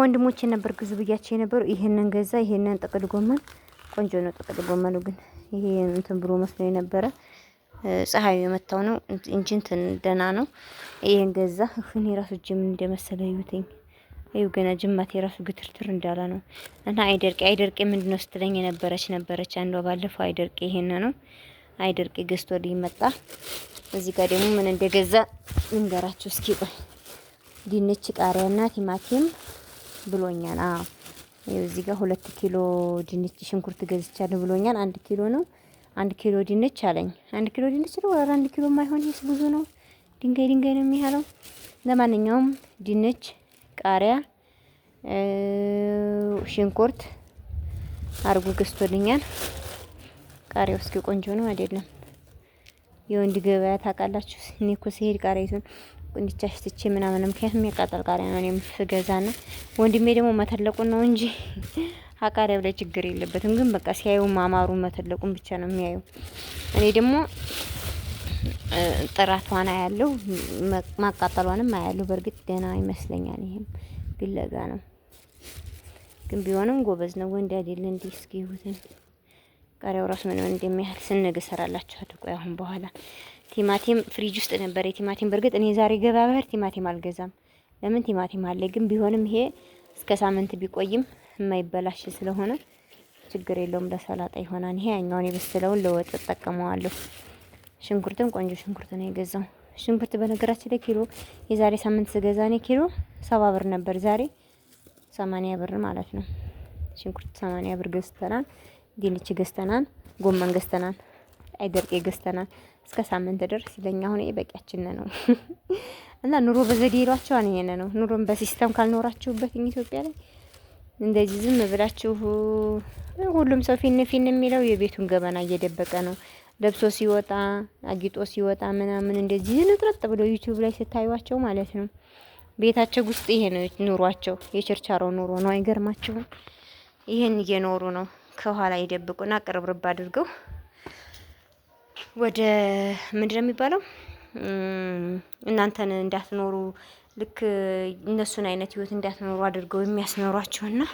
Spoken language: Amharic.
ወንድሞች ነበር ግዙ ብያቸው የነበሩ ይሄንን ገዛ። ይሄንን ጥቅል ጎመን ቆንጆ ነው። ጥቅል ጎመኑ ግን ይሄ እንትን ብሎ መስሎ የነበረ ፀሐዩ የመታው ነው እንጂ እንትን ደህና ነው። ይሄን ገዛ። እኔ ራሱ ጅም እንደመሰለ ይውትኝ ይኸው ገና ጅማት የራሱ ግትርትር እንዳለ ነው። እና አይደርቄ አይደርቄ ምንድነው ስትለኝ የነበረች ነበረች አንዷ ባለፈው አይደርቄ ይሄን ነው አይደርቄ ገዝቶ ሊመጣ እዚህ ጋር ደግሞ ምን እንደገዛ ልንገራችሁ እስኪ ቆይ ድንች፣ ቃሪያና ቲማቲም ብሎኛል። አዎ እዚህ ጋር ሁለት ኪሎ ድንች ሽንኩርት ገዝቻለሁ ብሎኛል። አንድ ኪሎ ነው አንድ ኪሎ ድንች አለኝ። አንድ ኪሎ ድንች ነው ወራ አንድ ኪሎ ማይሆን ይስ ብዙ ነው። ድንጋይ ድንጋይ ነው የሚያለው። ለማንኛውም ድንች፣ ቃሪያ፣ ሽንኩርት አርጎ ገዝቶልኛል። ቃሪያው እስኪ ቆንጆ ነው አይደለም? የወንድ ገበያ ታውቃላችሁ። እኔ እኮ ሲሄድ ቃሪያ ይዞን እንዲቻሽ ትቼ ምናምን ምክንያት የሚቃጠል ቃሪያ ነው እኔም ስገዛና ወንድሜ ደግሞ መተለቁን ነው እንጂ አቃሪያው ላይ ችግር የለበትም። ግን በቃ ሲያዩ ማማሩ መተለቁን ብቻ ነው የሚያዩ። እኔ ደግሞ ጥራቷን አያለሁ፣ ማቃጠሏንም አያለሁ። በእርግጥ ደህና ይመስለኛል። ይሄም ቢለጋ ነው ግን ቢሆንም ጎበዝ ነው። ወንድ አይደል እንዲህ እስኪ ይሁትን ቃሪያው ራሱ ምን ምን እንደሚያህል ስንግ እሰራላችኋለሁ። ቆይ አሁን በኋላ ቲማቲም ፍሪጅ ውስጥ ነበር የቲማቲም በርግጥ እኔ ዛሬ ገባ በር ቲማቲም አልገዛም። ለምን ቲማቲም አለ ግን ቢሆንም ይሄ እስከ ሳምንት ቢቆይም የማይበላሽ ስለሆነ ችግር የለውም። ለሰላጣ ይሆናል። ይሄ ያኛውን የበሰለውን ለወጥ እጠቀመዋለሁ። ሽንኩርትም ቆንጆ ሽንኩርት ነው የገዛው። ሽንኩርት በነገራችን ላይ ኪሎ የዛሬ ሳምንት ስገዛ እኔ ኪሎ ሰባ ብር ነበር፣ ዛሬ ሰማንያ ብር ማለት ነው። ሽንኩርት ሰማንያ ብር ገዝተናል። ድንች ገዝተናል፣ ጎመን ገዝተናል፣ አይደርቄ ገዝተናል። እስከ ሳምንት ድረስ ለኛ አሁን በቂያችን ነው። እና ኑሮ በዘዴ ይሏቸዋል። ይሄን ነው ኑሮን በሲስተም ካልኖራችሁበት ኢትዮጵያ ላይ እንደዚህ ዝም ብላችሁ ሁሉም ሰው ፊን ፊን የሚለው የቤቱን ገበና እየደበቀ ነው። ለብሶ ሲወጣ አጊጦ ሲወጣ ምናምን እንደዚህ ንጥረጥ ብሎ ዩቲዩብ ላይ ስታዩቸው ማለት ነው ቤታቸው ውስጥ ይሄ ነው ኑሯቸው። የችርቻሮ ኑሮ ነው። አይገርማችሁም? ይሄን እየኖሩ ነው። ከኋላ ይደብቁና ቅርብርብ አድርገው ወደ ምንድን ነው የሚባለው እናንተን እንዳትኖሩ ልክ እነሱን አይነት ህይወት እንዳትኖሩ አድርገው የሚያስኖሯቸውና